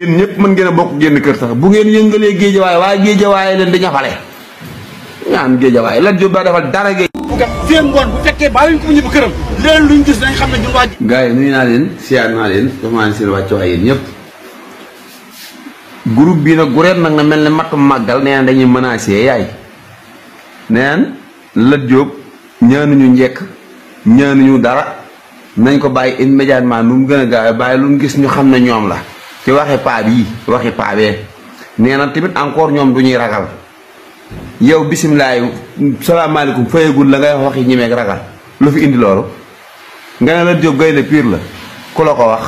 yéen ñëpp mën ngeen a bokk génn kër sax bu ngeen yëngalee géejawaay waaye géejawaay leen di ñaxale ñaan géejawaay lan ba defal dara géej bu kat ñu ko xam ne ñun waa gars yi nuyu naa leen siyaar naa leen jox naa leen seen wàccuwaay yéen ñëpp bi nag gureet nag na mel ne mattum màggal nee dañuy menacé yaay neen Lat Diop ñaanuñu njekk ñaanuñu dara nañ ko bàyyi immédiatement nu mu gën a gaaw bàyyi lu mu gis ñu xam ne ñoom la ci waxe paa bii waxi paa bee nee na tamit encore ñoom du ñuy ragal yow bisimilaay salaamaaleykum fayagul la ngay waxi ñimeeg ragal lu fi indi loolu nga ne la gaynde pire la ku la ko wax.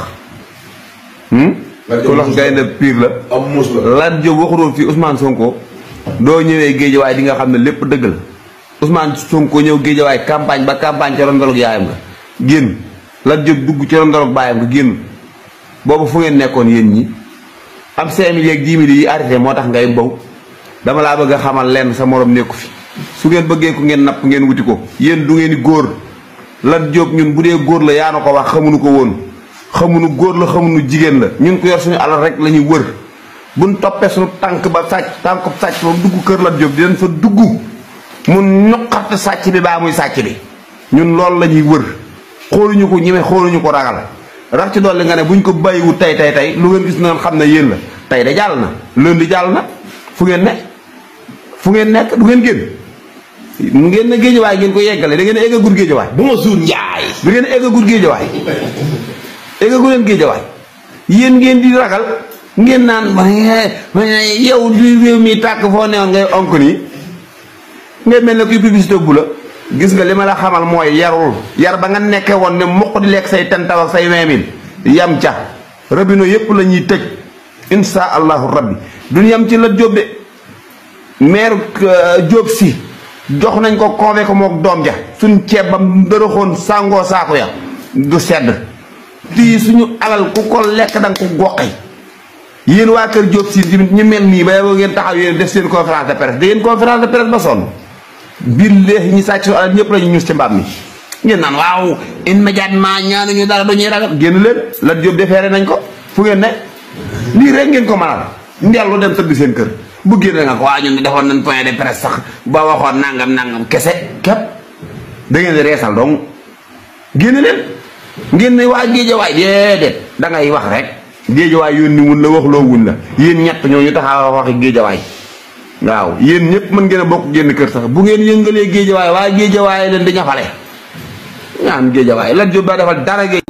Hmm? ku la gaynde pire la. am muus la Lat Diop waxuloon fi Ousmane Sonko doo ñëwee géejawaay di nga xam ne lépp dëgg la Ousmane Sonko ñëw géejawaay campagne ba campagne ca rondolog yaayam nga génn Lat Diop dugg ca rondolog baayam nga génn. boobu fu ngeen nekkoon yéen ñi am cinq mille ak dix mille yi arrêté moo tax ngay mbaw dama laa bëgg a xamal lenn sa moroom nekku fi su ngeen bëggee ko ngeen napp ngeen wuti ko yéen du ngeen di góor lan jóob ñun bu dee góor la yaa ko wax xamuñu ko woon xamuñu góor la xamuñu jigéen la ñun ko yor suñu alal rek la ñuy wër buñ toppee suñu tànk ba sàcc tànku sàcc ba dugg kër lan jóob dinañ fa dugg mun ñoqat sàcc bi baa muy sàcc bi ñun loolu la ñuy wër xooluñu ko ñeme xooluñu ko ragal rax ci dolli nga ne buñ ko bàyyiwu tey tey tey lu ngeen gis noonu xam na yéen la tey de jàll na di jàll na fu ngeen ne fu ngeen nekk du ngeen génn ngeen ne géejawaay ngeen ko yeggale da ngeen a eggagul géejawaay bu ma suur njaay da ngeen a eggagul géejawaay eggagu leen géejawaay ngeen di ragal ngeen naan ma eh, eh, yow du réew mi tàkk foo newoon ngay onk nii ngay mel ne kuy publicité bu la gis nga lima la xamal yarul yar ba nga nekke ne mukk di lekk say tentaw say weemin yam ca rabino yépp la ñuy tëj rabbi duñ yam ci la jóbbe maire euh, jóob si jox nañ ko convoqué mook doom ja suñ ceeb bam ndërëxoon sàngoo saako ya du sedd di suñu alal ku ko lekk da nga ko goqi yéen waa kër jóob si ñu mel nii ba yow ngeen taxaw def seen conférence de presse ngeen conférence de presse ba billahi ñi sàcc alal ñëpp lañu ñus ci mbaam mi ngeen naan waaw immédiatement ñaanu ñu dara dañuy ragal génn leen lan jóob defeere nañ ko fu ngeen ne nii rek ngeen ko mënal ndellu dem tëdd seen kër bu génn nga ko waa ñun nañ point de presse sax ba nangam nangam da ngeen dong génn leen ngeen ne waa géejawaay déedéet da ngay wax rek géejawaay yónni wun la waxloo la waaw yéen ñëpp mën ngeen a bokk génn kër sax bu ngeen yëngalee géejawaay waaye géejawaay leen di ñafale ñaan géejawaay Lat Diop daa defal dara géej